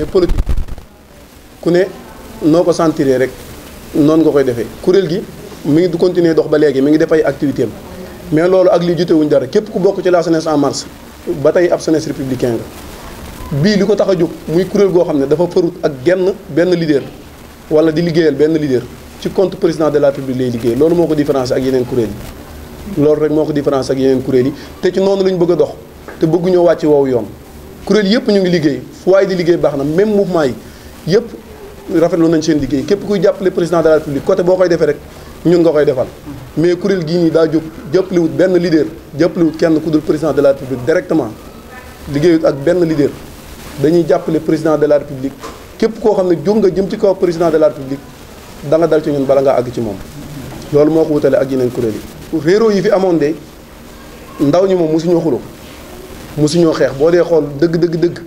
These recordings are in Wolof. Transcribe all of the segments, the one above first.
mais politique ku ne noo ko sentiree rek noonu nga koy defee kuréel gi mu ngi du continuer dox ba léegi mu ngi def ay activité mais loolu ak li jotewuñ dara képp ku bokk ci la jeunesse en marche ba tey ab jeunesse républicain nga bii li ko tax a jóg muy kuréel goo xam ne dafa farut ak genn benn leader wala di liggéeyal benn leader ci compte président de la République lay liggéey loolu moo ko différence ak yeneen kuréel yi loolu rek moo ko différence ak yeneen kuréel yi te ci noonu lañ bëgg a dox te bëgguñoo wàcc woowu yoon kuréel yëpp ñu ngi liggéey fu waaye di liggéey baax na même mouvement yi yëpp rafetlu nañ seen liggéey képp kuy jàppale président de la république côté boo koy defee rek ñun nga koy defal mais kuréel gii nii daa jóg jàppalewut benn leader jàppalewut kenn ku dul président de la république directement liggéeyut ak benn leader dañuy jàppale président de la république képp koo xam ne jóg nga jëm ci kaw président de la république da nga dal ci ñun bala àgg ci moom loolu moo ko wutale ak yeneen kuréel yi réeroo yi fi amoon de ndaw ñi moom mosuñoo xuloo mosuñoo xeex boo dee xool dëgg dëgg dëgg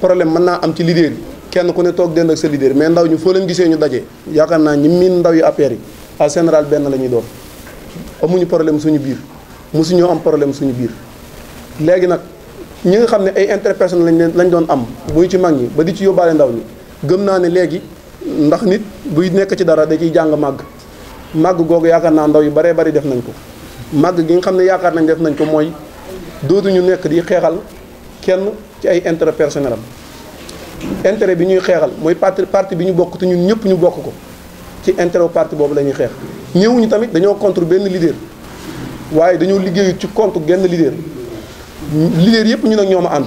problème mën naa am ci leader yi kenn ku ne toog dend ak sa leader mais ndaw ñi foo leen gisee ñu daje yaakaar naa ñi miin ndaw yu APR yi en général benn la ñuy doon amuñu problème suñu biir mosuñoo am problème suñu biir léegi nag ñi nga xam ne ay interpersonnel lañ leen lañ doon am muy ci mag ñi ba di ci yóbbaale ndaw ñi gëm naa ne léegi ndax nit buy nekk ci dara da jàng màgg màgg googu yaakaar naa ndaw yu baree bari def nañ ko màgg gi nga xam ne yaakaar nañ def nañ ko mooy dootuñu nekk di xeexal kenn ci ay intérêt personnel am intérêt bi ñuy xeexal mooy parti parti bi ñu bokk te ñun ñëpp ñu bokk ko ci intérêt parti boobu lañuy xeex ñëwuñu tamit dañoo contre benn leader waaye dañoo liggéeyu ci contre genn leader leader yëpp ñu nag ñoom ma ànd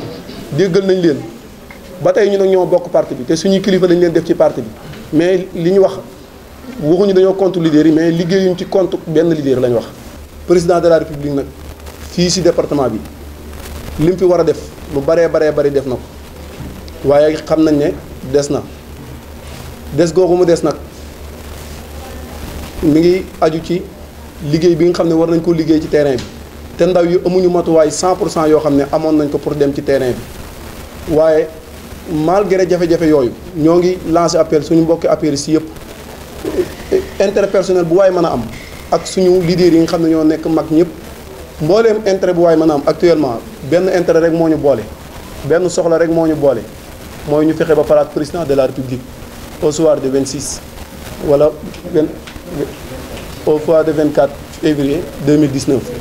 déggal nañ leen ba tey ñu nag ñoo bokk parti bi te suñuy kilifa lañ leen def ci parti bi mais li ñu wax waxuñu dañoo contre leader yi mais liggéeyuñ ci contre benn leader lañ wax président de la république nag fii si département bi lim fi war a def lu baree baree bari def na ko waaye xam nañ ne des na des googu mu des nag mi ngi aju ci liggéey bi nga xam ne war nañ ko liggéey ci terrain bi te ndaw yi amuñu matuwaay 100 cent yoo xam ne amoon nañ ko pour dem ci terrain bi waaye malgré jafe-jafe yooyu ñoo ngi lancé appel suñu mbokki appel si yëpp interpersonnel bu waaye mën a am ak suñu leader yi nga xam ne ñoo nekk mag ñëpp. mbooleem intérêt bu waay maanaam actuellement benn intérêt rek moo ñu boole benn soxla rek moo je ne mooy ñu fexe ba président de la république au soir de 26 wala au soir de 24 février 2019